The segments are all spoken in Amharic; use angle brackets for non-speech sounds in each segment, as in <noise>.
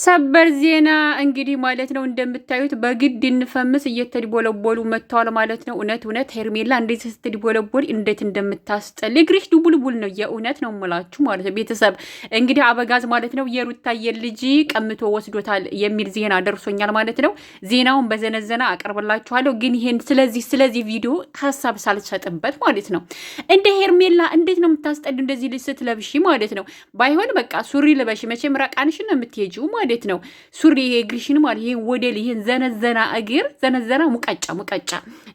ሰበር ዜና እንግዲህ ማለት ነው እንደምታዩት በግድ እንፈምስ እየተድቦለቦሉ መጥተዋል ማለት ነው። እውነት እውነት ሄርሜላ እንደዚህ ስትድቦለቦል እንዴት እንደምታስጠል እግርሽ ዱቡልቡል ነው። የእውነት ነው ምላችሁ ማለት ነው። ቤተሰብ እንግዲህ አበጋዝ ማለት ነው የሩታዬ ልጅ ቀምቶ ወስዶታል የሚል ዜና ደርሶኛል ማለት ነው። ዜናውን በዘነዘና አቀርብላችኋለሁ። ግን ይሄን ስለዚህ ስለዚህ ቪዲዮ ሀሳብ ሳልሰጥበት ማለት ነው እንደ ሄርሜላ እንዴት ነው የምታስጠል እንደዚህ ልጅ ስትለብሺ ማለት ነው። ባይሆን በቃ ሱሪ ልበሽ መቼም ራቃንሽን ነው የምትሄጂው ማለት ነው። ሱሪ ይሄ እግርሽን ማለት ይሄ ወደል ይሄን ዘነዘና እግር ዘነዘና ሙቀጫ ሙቀጫ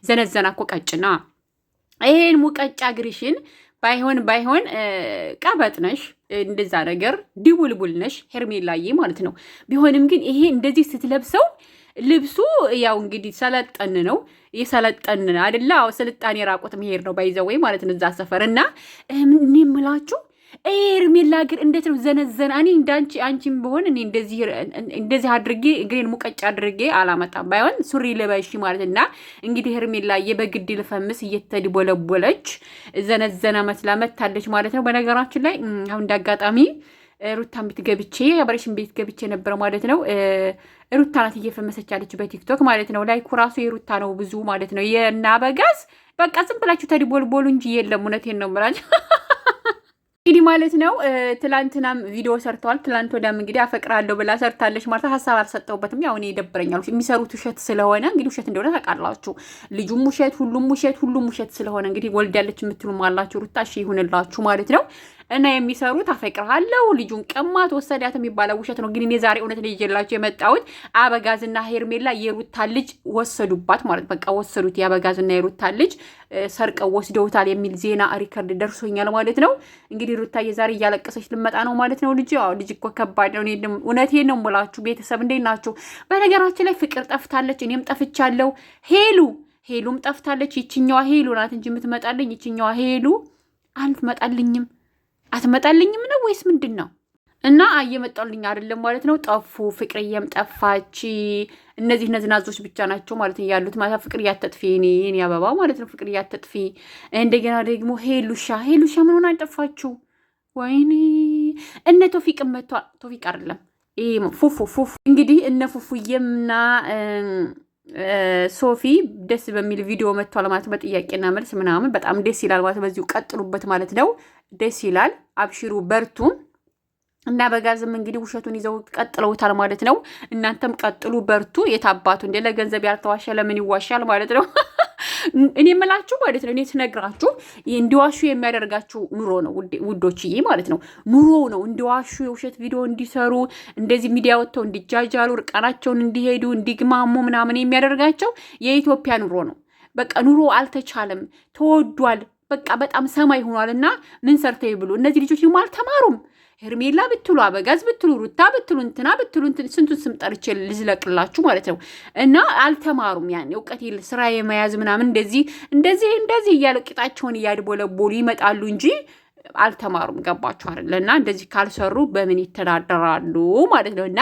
ዘነዘና እኮ ቀጭና ይሄን ሙቀጫ እግርሽን ባይሆን ባይሆን ቀበጥ ነሽ እንደዛ ነገር ድቡልቡል ነሽ ሄርሜላዬ ማለት ነው። ቢሆንም ግን ይሄ እንደዚህ ስትለብሰው ልብሱ ያው እንግዲህ ሰለጠን ነው የሰለጠን አይደለ? ስልጣኔ ራቁት መሄድ ነው ባይዘወይ ማለት ነው እዛ ሰፈር እና እኔ የምላችሁ ኤርሜላ ግን እንዴት ነው ዘነዘን? እኔ እንዳንቺ አንቺም በሆን እኔ እንደዚህ አድርጌ እግሬን ሙቀጭ አድርጌ አላመጣም። ባይሆን ሱሪ ልበሽ ማለት እና እንግዲህ ኤርሜላዬ የበግድ ልፈምስ እየተድቦለቦለች ዘነዘና መስላ መታለች ማለት ነው። በነገራችን ላይ አሁን እንዳጋጣሚ ሩታን ቤት ገብቼ አብሬሽን ቤት ገብቼ ነበረ ማለት ነው። ሩታ ናት እየፈመሰች ያለች በቲክቶክ ማለት ነው። ላይኩ ራሱ የሩታ ነው ብዙ ማለት ነው። በጋዝ በቃ ዝም ብላችሁ ተድቦልቦሉ እንጂ የለም። እውነቴን ነው የምላቸው <laughs> እንግዲህ ማለት ነው። ትላንትናም ቪዲዮ ሰርተዋል። ትላንት ወዲያም እንግዲህ አፈቅራለሁ ብላ ሰርታለች ማለት ሀሳብ አልሰጠውበትም። ያው እኔ ይደብረኛል የሚሰሩት ውሸት ስለሆነ እንግዲህ ውሸት እንደሆነ ታውቃላችሁ። ልጁም ውሸት፣ ሁሉም ውሸት፣ ሁሉም ውሸት ስለሆነ እንግዲህ ወልዳለች የምትሉም አላችሁ። ሩታ እሺ ይሁንላችሁ ማለት ነው። እና የሚሰሩት አፈቅርሃለሁ፣ ልጁን ቀማት፣ ወሰዳት የሚባለው ውሸት ነው። ግን እኔ ዛሬ እውነት ልጅላቸው የመጣሁት አበጋዝና ሄርሜላ የሩታ ልጅ ወሰዱባት ማለት በቃ ወሰዱት። የአበጋዝና የሩታ ልጅ ሰርቀው ወስደውታል የሚል ዜና ሪከርድ ደርሶኛል ማለት ነው። እንግዲህ ሩታ የዛሬ እያለቀሰች ልመጣ ነው ማለት ነው። ልጅ ልጅ እኮ ከባድ ነው። እውነቴ ነው የምላችሁ ቤተሰብ እንዴት ናቸው? በነገራችን ላይ ፍቅር ጠፍታለች፣ እኔም ጠፍቻለሁ። ሄሉ ሄሉም ጠፍታለች። ይችኛዋ ሄሉ ናት እንጂ የምትመጣልኝ ይችኛዋ ሄሉ መጣልኝም አትመጣልኝም ነው ወይስ ምንድን ነው? እና እየመጣልኝ አይደለም ማለት ነው። ጠፉ፣ ፍቅርዬም ጠፋች። እነዚህ ነዝናዞች ብቻ ናቸው ማለት ነው ያሉት። ማለት ፍቅር እያተጥፊ እኔ አበባ ማለት ነው ፍቅር እያተጥፊ። እንደገና ደግሞ ሄሉሻ ሄሉሻ ምን ሆና አይጠፋችሁ? ወይኔ እነ ቶፊቅ መቷ። ቶፊቅ አይደለም ፉፉ ፉፉ። እንግዲህ እነ ፉፉዬምና ሶፊ ደስ በሚል ቪዲዮ መጥቷል ማለት በጥያቄና መልስ ምናምን በጣም ደስ ይላል ማለት በዚሁ ቀጥሉበት ማለት ነው። ደስ ይላል። አብሽሩ በርቱ። እና በጋዝም እንግዲህ ውሸቱን ይዘው ቀጥለውታል ማለት ነው። እናንተም ቀጥሉ በርቱ። የታባቱ እንደ ለገንዘብ ያልተዋሸ ለምን ይዋሻል ማለት ነው። እኔ የምላችሁ ማለት ነው እኔ ትነግራችሁ እንዲዋሹ የሚያደርጋችሁ ኑሮ ነው ውዶችዬ፣ ማለት ነው ኑሮ ነው። እንዲዋሹ የውሸት ቪዲዮ እንዲሰሩ እንደዚህ ሚዲያ ወጥተው እንዲጃጃሉ እርቃናቸውን እንዲሄዱ እንዲግማሙ ምናምን የሚያደርጋቸው የኢትዮጵያ ኑሮ ነው። በቃ ኑሮ አልተቻለም፣ ተወዷል። በቃ በጣም ሰማይ ሆኗል። እና ምን ሰርተው ይብሉ እነዚህ ልጆች? አልተማሩም ሄርሜላ ብትሉ አበጋዝ ብትሉ ሩታ ብትሉ እንትና ብትሉ ስንቱን ስም ጠርቼ ልዝለቅላችሁ ማለት ነው። እና አልተማሩም ያን እውቀት የለ ስራ የመያዝ ምናምን እንደዚህ እንደዚህ እንደዚህ እያለ ቂጣቸውን እያድቦለቦሉ ይመጣሉ እንጂ አልተማሩም። ገባችሁ አይደለ? እና እንደዚህ ካልሰሩ በምን ይተዳደራሉ ማለት ነው። እና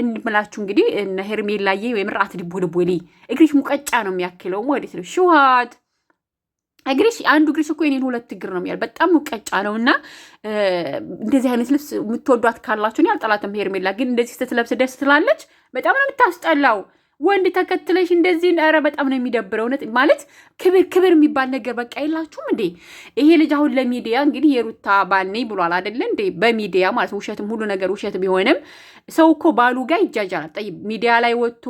እንምላችሁ እንግዲህ ሄርሜላዬ የምር ድቦልቦሌ እግሪሽ ሙቀጫ ነው የሚያክለው ማለት ነው ሽዋት እግሪሽ አንዱ እግሪሽ እኮ የኔን ሁለት እግር ነው የሚያል በጣም ቀጫ ነው። እና እንደዚህ አይነት ልብስ የምትወዷት ካላችሁ እኔ አልጠላትም። ሄርሜላ ግን እንደዚህ ስትለብስ ደስ ትላለች። በጣም ነው የምታስጠላው። ወንድ ተከትለሽ እንደዚህ ኧረ በጣም ነው የሚደብረው። እውነት ማለት ክብር ክብር የሚባል ነገር በቃ የላችሁም እንዴ? ይሄ ልጅ አሁን ለሚዲያ እንግዲህ የሩታ ባል ነኝ ብሏል አይደለ እንዴ? በሚዲያ ማለት ውሸትም ሁሉ ነገር ውሸት ቢሆንም ሰው እኮ ባሉ ጋ ይጃጃላል። ሚዲያ ላይ ወጥቶ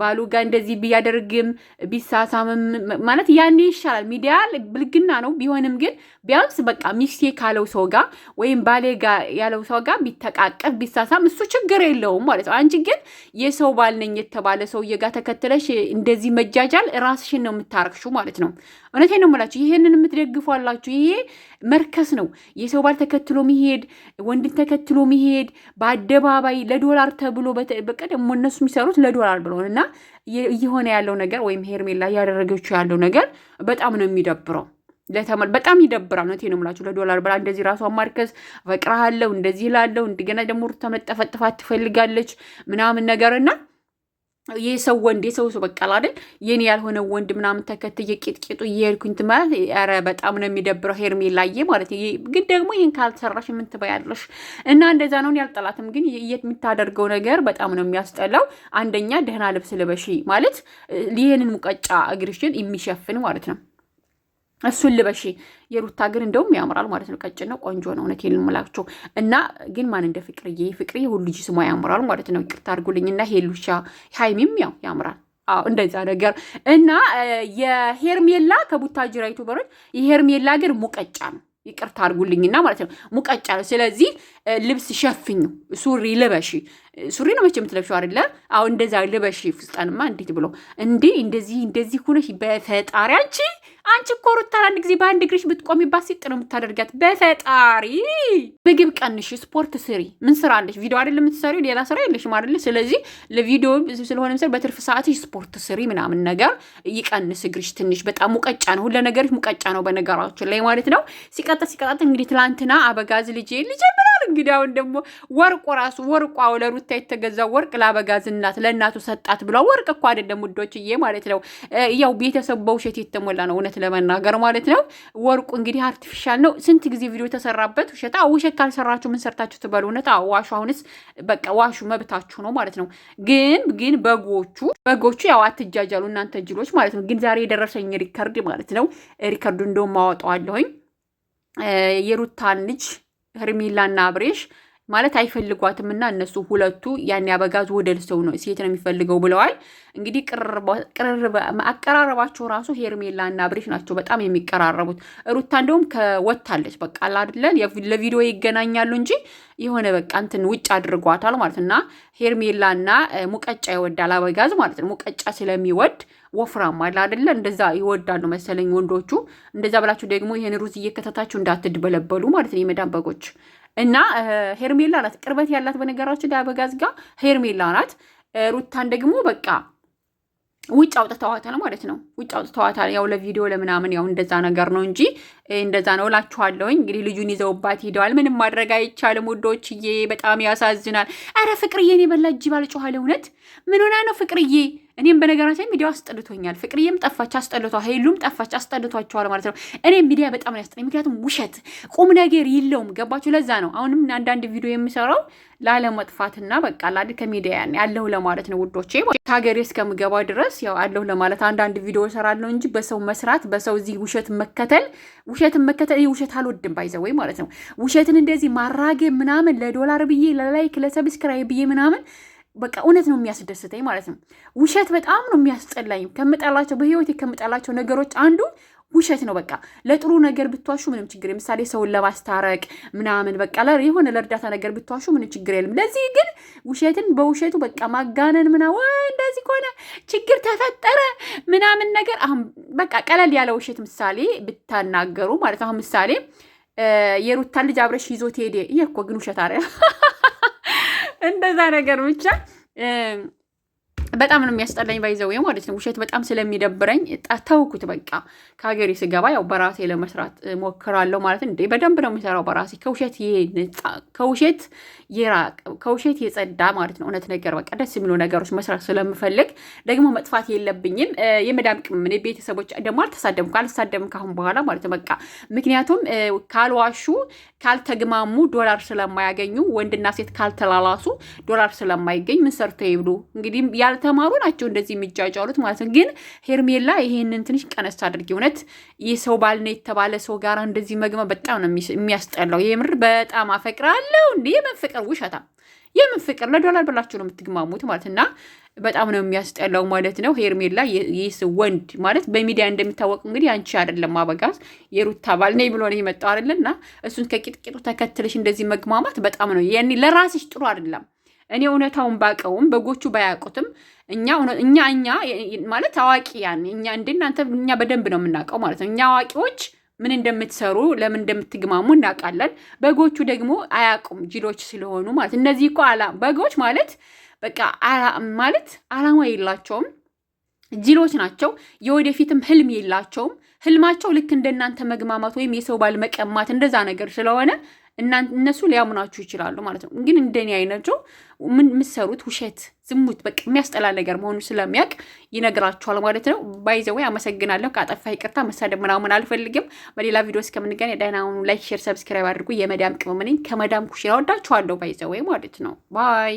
ባሉ ጋ እንደዚህ ቢያደርግም ቢሳሳምም ማለት ያኔ ይሻላል። ሚዲያ ብልግና ነው ቢሆንም ግን ቢያንስ በቃ ሚስቴ ካለው ሰው ጋ ወይም ባሌ ጋ ያለው ሰው ጋ ቢተቃቀፍ ቢሳሳም እሱ ችግር የለውም ማለት ነው። አንቺ ግን የሰው ባል ነኝ የተባለ ሰው ሰውዬ ጋር ተከትለሽ እንደዚህ መጃጃል ራስሽን ነው የምታረቅሽው ማለት ነው። እውነቴ ነው የምላችሁ። ይሄንን የምትደግፉ አላችሁ። ይሄ መርከስ ነው። የሰው ባል ተከትሎ መሄድ፣ ወንድን ተከትሎ መሄድ በአደባባይ ለዶላር ተብሎ በቃ እነሱ የሚሰሩት ለዶላር ብሎ እና እየሆነ ያለው ነገር ወይም ሄርሜላ እያደረገችው ያለው ነገር በጣም ነው የሚደብረው። ለተመል በጣም ይደብራል። እውነቴ ነው የምላችሁ። ለዶላር ብላ እንደዚህ ራሷን ማርከስ ፈቅርሃለሁ እንደዚህ ላለው እንደገና ደግሞ ሩታ መጠፈጥፋት ትፈልጋለች ምናምን ነገርና የሰው ወንድ የሰው ሰው በቃል አይደል የኔ ያልሆነ ወንድ ምናምን ተከትዬ ቂጥቂጡ እየሄድኩኝ ትማለት ኧረ በጣም ነው የሚደብረው። ሄርሜላዬ ማለት ግን ደግሞ ይህን ካልሰራሽ ምን ትበያለሽ? እና እንደዛ ነው ያልጠላትም፣ ግን የምታደርገው ነገር በጣም ነው የሚያስጠላው። አንደኛ ደህና ልብስ ልበሺ ማለት ይህንን ሙቀጫ እግርሽን የሚሸፍን ማለት ነው። እሱን ልበሺ የሩታ ግን እንደውም ያምራል ማለት ነው። ቀጭን ነው፣ ቆንጆ ነው። እውነቴን ልምላቸው እና ግን ማን እንደ ፍቅርዬ ፍቅርዬ ሁሉ ልጅ ስሟ ያምራል ማለት ነው። ይቅርታ አድርጉልኝና ሄሉሻ ሀይሚም ያው ያምራል። አዎ እንደዛ ነገር እና የሄርሜላ ከቡታጅራ በሮች የሄርሜላ ግን ሙቀጫ ነው። ይቅርታ አድርጉልኝና ማለት ነው ሙቀጫ ነው። ስለዚህ ልብስ ሸፍኙ፣ ሱሪ ልበሺ። ሱሪ ነው መቼ የምትለብሺው አይደለ? አሁ እንደዛ ልበሺ። ፍስጣንማ እንዴት ብሎ እንዴ! እንደዚህ እንደዚህ ሁነሽ በፈጣሪ አንቺ አንቺ እኮ ሩታን አንድ ጊዜ በአንድ እግርሽ ብትቆሚባት ሲጥ ነው የምታደርጋት። በፈጣሪ ምግብ ቀንሽ፣ ስፖርት ስሪ። ምን ስራ አለሽ? ቪዲዮ አይደል የምትሰሪ? ሌላ ስራ የለሽም አይደለ? ስለዚህ ለቪዲዮ ስለሆነ ምስል በትርፍ ሰዓትሽ ስፖርት ስሪ ምናምን ነገር ይቀንስ። እግርሽ ትንሽ በጣም ሙቀጫ ነው፣ ሁለ ነገርሽ ሙቀጫ ነው በነገራችን ላይ ማለት ነው። ሲቀጠል ሲቀጣጥ እንግዲህ ትላንትና አበጋዝ ልጄ ልጄ እንግዲህ አሁን ደግሞ ወርቁ ራሱ ወርቁ ለሩታ የተገዛው ወርቅ ለአበጋዝ እናት ለእናቱ ሰጣት ብሏል። ወርቅ እኮ አይደለም ውዶችዬ ማለት ነው። ያው ቤተሰቡ በውሸት የተሞላ ነው እውነት ለመናገር ማለት ነው። ወርቁ እንግዲህ አርቲፊሻል ነው። ስንት ጊዜ ቪዲዮ ተሰራበት ውሸት። አዎ ውሸት ካልሰራችሁ ምን ሰርታችሁ ትበሉ? እውነት ዋሹ። አሁንስ በቃ ዋሹ፣ መብታችሁ ነው ማለት ነው። ግን ግን በጎቹ በጎቹ ያው አትጃጃሉ እናንተ ጅሎች ማለት ነው። ግን ዛሬ የደረሰኝ ሪከርድ ማለት ነው። ሪከርዱ እንደውም አወጣዋለሁኝ የሩታን ልጅ ሄርሜላና አብሬሽ ማለት አይፈልጓትም እና እነሱ ሁለቱ ያን ያበጋዝ ወደል ሰው ነው ሴት ነው የሚፈልገው ብለዋል። እንግዲህ አቀራረባቸው ራሱ ሄርሜላ እና ብሬሽ ናቸው በጣም የሚቀራረቡት። ሩታ እንደውም ከወታለች በቃ አይደለ ለቪዲዮ ይገናኛሉ እንጂ የሆነ በቃ እንትን ውጭ አድርጓታል ማለት እና ሄርሜላ እና ሙቀጫ ይወዳል አበጋዝ ማለት ነው። ሙቀጫ ስለሚወድ ወፍራም አለ አደለ እንደዛ ይወዳሉ መሰለኝ ወንዶቹ። እንደዛ ብላችሁ ደግሞ ይህን ሩዝ እየከተታችሁ እንዳትድበለበሉ ማለት ነው የመዳን በጎች እና ሄርሜላ ናት ቅርበት ያላት በነገራችን ላይ አበጋዝ ሄርሜላ ናት። ሩታን ደግሞ በቃ ውጭ አውጥተዋታል ማለት ነው። ውጭ አውጥተዋታል ያው ለቪዲዮ ለምናምን ያው እንደዛ ነገር ነው እንጂ እንደዛ ነው እላችኋለሁኝ። እንግዲህ ልጁን ይዘውባት ሄደዋል። ምንም ማድረግ አይቻልም ውዶችዬ፣ በጣም ያሳዝናል። አረ ፍቅርዬን የበላ እጅ ባልጮኋለ እውነት ምን ሆና ነው ፍቅርዬ? እኔም በነገራችን ሚዲያው አስጠልቶኛል። ፍቅርዬም ጠፋች አስጠልቷ፣ ሄሉም ጠፋች አስጠልቷቸዋል ማለት ነው። እኔ ሚዲያ በጣም ነው ያስጠላኝ፣ ምክንያቱም ውሸት ቁም ነገር የለውም። ገባችሁ? ለዛ ነው አሁንም አንዳንድ ቪዲዮ የምሰራው ላለመጥፋትና በቃ ላድ ከሚዲያ ያን ያለሁ ለማለት ነው ውዶቼ። ከሀገሬ እስከምገባ ድረስ ያው አለሁ ለማለት አንዳንድ ቪዲዮ እሰራለሁ እንጂ በሰው መስራት በሰው እዚህ ውሸት መከተል ውሸትን መከተል ይህ ውሸት አልወድም፣ ባይዘ ወይ ማለት ነው። ውሸትን እንደዚህ ማራገብ ምናምን ለዶላር ብዬ ለላይክ ለሰብስክራይብ ብዬ ምናምን በቃ እውነት ነው የሚያስደስተኝ ማለት ነው። ውሸት በጣም ነው የሚያስጠላኝ። ከምጠላቸው በህይወቴ ከምጠላቸው ነገሮች አንዱ ውሸት ነው። በቃ ለጥሩ ነገር ብትዋሹ ምንም ችግር ምሳሌ ሰውን ለማስታረቅ ምናምን በቃ የሆነ ለእርዳታ ነገር ብትዋሹ ምንም ችግር የለም። ለዚህ ግን ውሸትን በውሸቱ በቃ ማጋነን ምና እንደዚህ ከሆነ ችግር ተፈጠረ ምናምን ነገር አሁን በቃ ቀለል ያለ ውሸት ምሳሌ ብታናገሩ ማለት አሁን ምሳሌ የሩታን ልጅ አብረሽ ይዞት ሄደ ይሄ እኮ ግን ውሸት አረ <laughs> እንደዛ ነገር ብቻ በጣም ነው የሚያስጠላኝ ባይዘው ማለት ነው። ውሸት በጣም ስለሚደብረኝ ተውኩት በቃ። ከሀገሬ ስገባ ያው በራሴ ለመስራት ሞክራለሁ ማለት ነው። በደንብ ነው የሚሰራው በራሴ ከውሸት የራቅ ከውሸት የጸዳ ማለት ነው። እውነት ነገር በቃ ደስ የሚሉ ነገሮች መስራት ስለምፈልግ ደግሞ መጥፋት የለብኝም። የመዳም ቅምም ቤተሰቦች ደግሞ አልተሳደብም ካልተሳደብም ካሁን በኋላ ማለት ነው በቃ ምክንያቱም ካልዋሹ ካልተግማሙ ዶላር ስለማያገኙ ወንድና ሴት ካልተላላሱ ዶላር ስለማይገኝ ምን ሰርቶ ይብሉ እንግዲህ ያል ያልተማሩ ናቸው እንደዚህ የሚጫጫሉት ማለት ነው። ግን ሄርሜላ ይሄንን ትንሽ ቀነስ አድርጊ። እውነት የሰው ባል ነው የተባለ ሰው ጋር እንደዚህ መግመ በጣም ነው የሚያስጠላው። የምር በጣም አፈቅራለሁ እንዲ የምን ፍቅር ውሸታም የምን ፍቅር ለዶላር ብላችሁ ነው የምትግማሙት ማለት እና በጣም ነው የሚያስጠላው ማለት ነው። ሄርሜላ ይህ ወንድ ማለት በሚዲያ እንደሚታወቅ እንግዲህ አንቺ አይደለም አበጋዝ የሩታ ባል ነኝ ብሎ ነው የመጣው አይደለ እና እሱን ከቂጥቂጡ ተከትለሽ እንደዚህ መግማማት በጣም ነው ያኔ ለራስሽ ጥሩ አይደለም። እኔ እውነታውን ባቀውም በጎቹ ባያውቁትም እኛ እኛ እኛ ማለት አዋቂ ያን እኛ እንደናንተ እኛ በደንብ ነው የምናውቀው ማለት ነው። እኛ አዋቂዎች ምን እንደምትሰሩ ለምን እንደምትግማሙ እናውቃለን። በጎቹ ደግሞ አያውቁም ጅሎች ስለሆኑ ማለት እነዚህ እኮ በጎች ማለት በቃ ማለት አላማ የላቸውም ጅሎች ናቸው። የወደፊትም ህልም የላቸውም። ህልማቸው ልክ እንደናንተ መግማማት ወይም የሰው ባል መቀማት እንደዛ ነገር ስለሆነ እነሱ ሊያምናችሁ ይችላሉ ማለት ነው። ግን እንደኔ አይነቸው የምትሰሩት ውሸት፣ ዝሙት በቃ የሚያስጠላ ነገር መሆኑ ስለሚያውቅ ይነግራችኋል ማለት ነው። ባይዘወይ አመሰግናለሁ። ከአጠፋ ይቅርታ፣ መሳደብ ምናምን አልፈልግም። በሌላ ቪዲዮ እስከምንገናኝ ደህናውን ላይክ፣ ሼር፣ ሰብስክራይብ አድርጉ። የመዳም ቅመም ነኝ ከመዳም ኩሽና ወዳችኋለሁ። ባይዘወይ ማለት ነው ባይ